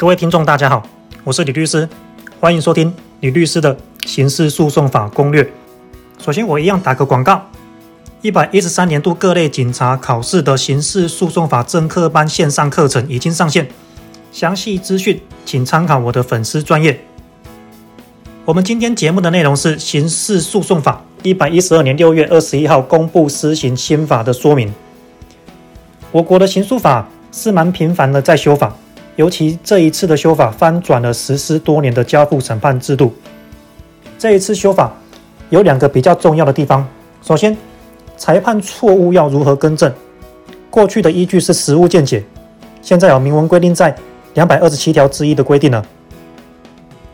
各位聽眾，大家好，我是呂律師，歡迎收聽呂律師的《刑事訴訟法攻略》。首先，我一樣打個廣告：一百一十三年度各類警察考試的刑事訴訟法正課班線上課程已經上線，詳細資訊請參考我的粉絲專頁。我們今天節目的內容是《刑事訴訟法》一百一十二年六月二十一號公布施行新法的說明。我國的刑訴法是蠻頻繁的在修法。尤其這一次的修法翻轉了實施多年的交付審判制度。這一次修法有兩個比較重要的地方：首先，裁判錯誤要如何更正？過去的依據是實務見解，現在有明文規定在兩百二十七條之一的規定了。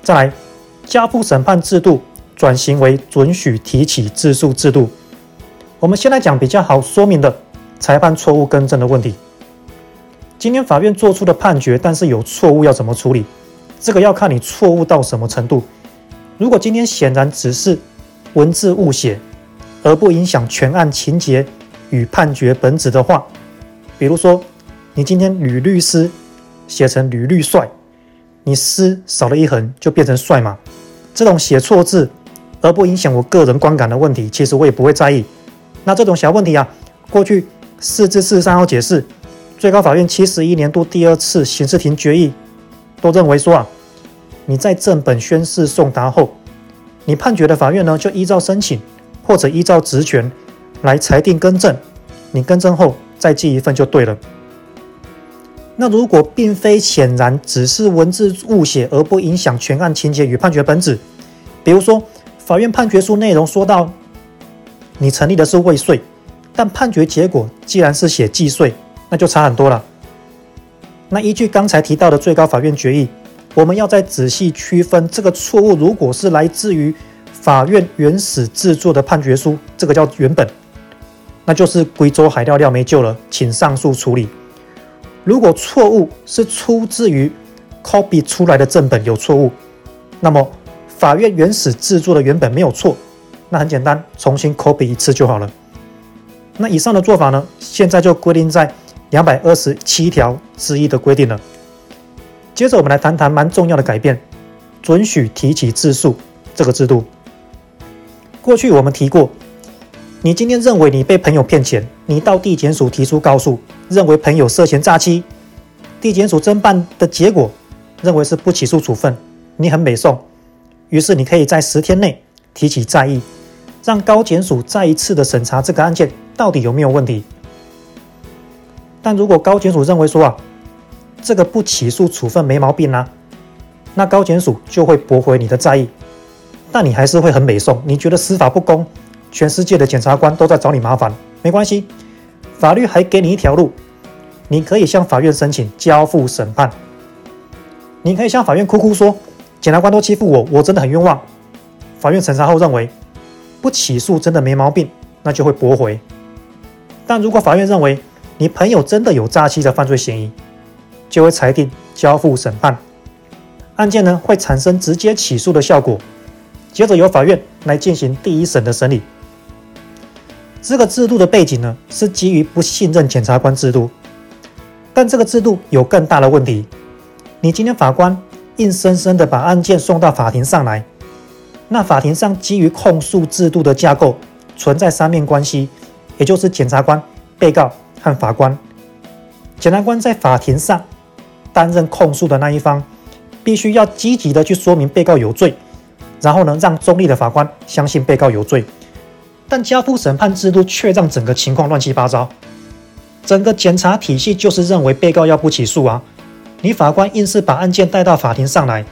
再來，交付審判制度轉型為准許提起自訴制度。我們先來講比較好說明的裁判錯誤更正的問題。今天法院做出的判決，但是有錯誤要怎麼處理？這個要看你錯誤到什麼程度。如果今天顯然只是文字誤寫，而不影響全案情節與判決本旨的話，比如說你今天呂律師寫成呂律帥，你師少了一橫就變成帥嘛。這種寫錯字而不影響我個人觀感的問題，其實我也不會在意。那這種小問題啊，過去四至四十三號解釋。最高法院七十一年度第二次刑事庭決議都認為說啊，你在正本宣示送達後，你判決的法院呢，就依照申請或者依照職權來裁定更正，你更正後再寄一份就對了。那如果並非顯然只是文字誤寫而不影響全案情節與判決本旨，比如說法院判決書內容說到你成立的是未遂，但判決結果既然是寫既遂。那就差很多了。那依據剛才提到的最高法院決議，我們要再仔細區分這個錯誤。如果是來自於法院原始制作的判決書，這個叫原本，那就是歸組害了了沒救了，請上訴處理。如果錯誤是出自於 copy 出來的正本有錯誤，那麼法院原始制作的原本沒有錯，那很簡單，重新 copy 一次就好了。那以上的做法呢，現在就規定在。兩百二十七條之一的規定了。接着，我們來談談蠻重要的改變：准許提起自訴這個制度。過去我們提過，你今天認為你被朋友騙錢，你到地檢署提出告訴，認為朋友涉嫌詐欺。地檢署偵辦的結果，認為是不起訴處分，你很美送。於是，你可以在十天內提起再議，讓高檢署再一次的審查這個案件到底有沒有問題。但如果高檢署認為說啊，這個不起訴處分沒毛病呢？啊，那高檢署就會駁回你的再議。但你還是會很美送，你覺得司法不公，全世界的檢察官都在找你麻煩。沒關係，法律還給你一條路，你可以向法院申請交付審判。你可以向法院哭哭說，檢察官都欺負我，我真的很冤枉。法院審查後認為不起訴真的沒毛病，那就會駁回。但如果法院認為，你朋友真的有詐欺的犯罪嫌疑，就會裁定交付審判。案件呢，會產生直接起訴的效果。接着由法院來進行第一審的審理。這個制度的背景呢，是基於不信任檢察官制度，但這個制度有更大的問題。你今天法官硬生生地把案件送到法庭上來，那法庭上基於控訴制度的架構，存在三面關係，也就是檢察官、被告，和法官、檢察官在法庭上擔任控訴的那一方，必須要積極的去說明被告有罪，然後呢，讓中立的法官相信被告有罪。但交付審判制度卻讓整個情況亂七八糟，整個檢察體系就是認為被告要不起訴啊，你法官硬是把案件帶到法庭上來，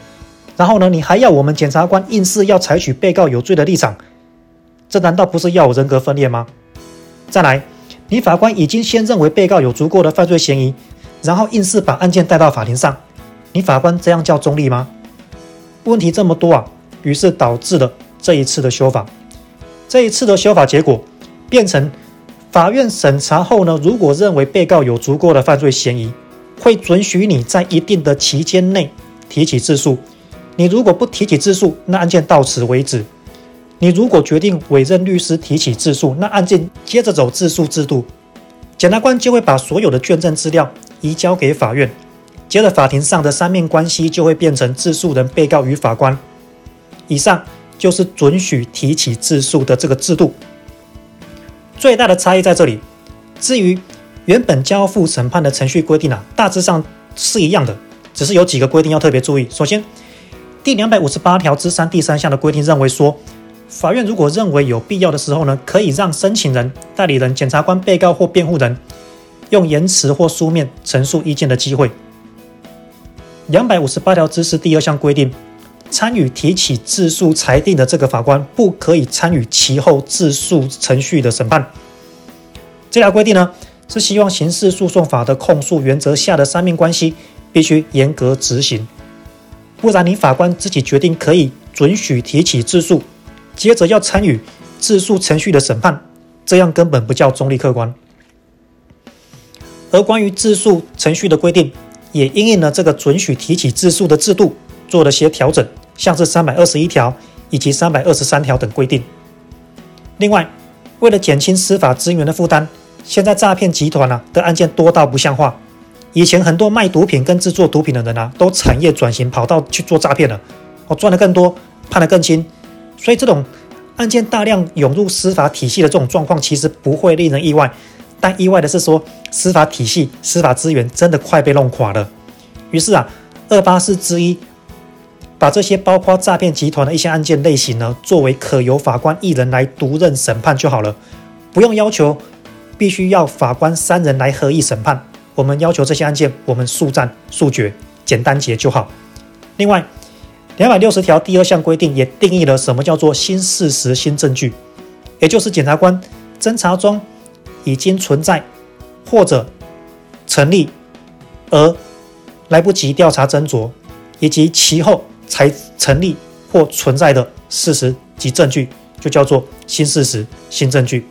然後呢，你還要我們檢察官硬是要採取被告有罪的立場，這難道不是要有人格分裂嗎？再來。你法官已經先認為被告有足夠的犯罪嫌疑，然後硬是把案件帶到法庭上。你法官這樣叫中立嗎？問題這麼多啊，於是導致了這一次的修法。這一次的修法結果變成，法院審查後呢，如果認為被告有足夠的犯罪嫌疑，會准許你在一定的期間內提起自訴。你如果不提起自訴，那案件到此為止。你如果決定委任律師提起自訴，那案件接着走自訴制度，檢察官就會把所有的卷證資料移交給法院，接着法庭上的三面關係就會變成自訴人、被告與法官。以上就是准許提起自訴的這個制度。最大的差異在這裡，至於原本交付審判的程序規定啊，大致上是一樣的，只是有幾個規定要特別注意。首先，第兩百五十八條之三第三項的規定認為說。法院如果認為有必要的時候呢，可以讓申請人、代理人、檢察官、被告或辯護人用言辭或書面陳述意見的機會。兩百五十八條之四第二項規定，參與提起自訴裁定的這個法官不可以參與其後自訴程序的審判。這條規定呢，是希望刑事訴訟法的控訴原則下的三面關係必須嚴格執行，不然你法官自己決定可以准許提起自訴。接着要參與自訴程序的審判，這樣根本不叫中立客觀。而關於自訴程序的規定，也因應了這個准許提起自訴的制度，做了些調整，像是三百二十一條以及三百二十三條等規定。另外，為了減輕司法資源的負擔，現在詐騙集團啊的案件多到不像話。以前很多賣毒品跟制作毒品的人啊，都產業轉型跑到去做詐騙了，我賺得更多，判得更輕。所以這種案件大量湧入司法體系的這種狀況，其實不會令人意外。但意外的是說，司法體系、司法資源真的快被弄垮了。於是啊，二八四之一，把這些包括詐騙集團的一些案件類型呢，作為可由法官一人來獨任審判就好了，不用要求必須要法官三人來合議審判。我們要求這些案件，我們速戰速決，簡單結就好。另外。兩百六十條第二項規定也定義了什麼叫做新事實、新證據，也就是檢察官偵查中已經存在或者成立，而來不及調查、斟酌，以及其後才成立或存在的事實及證據，就叫做新事實、新證據。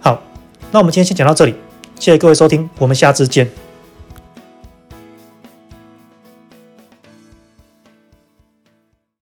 好，那我們今天先講到這裡，謝謝各位收聽，我們下次見。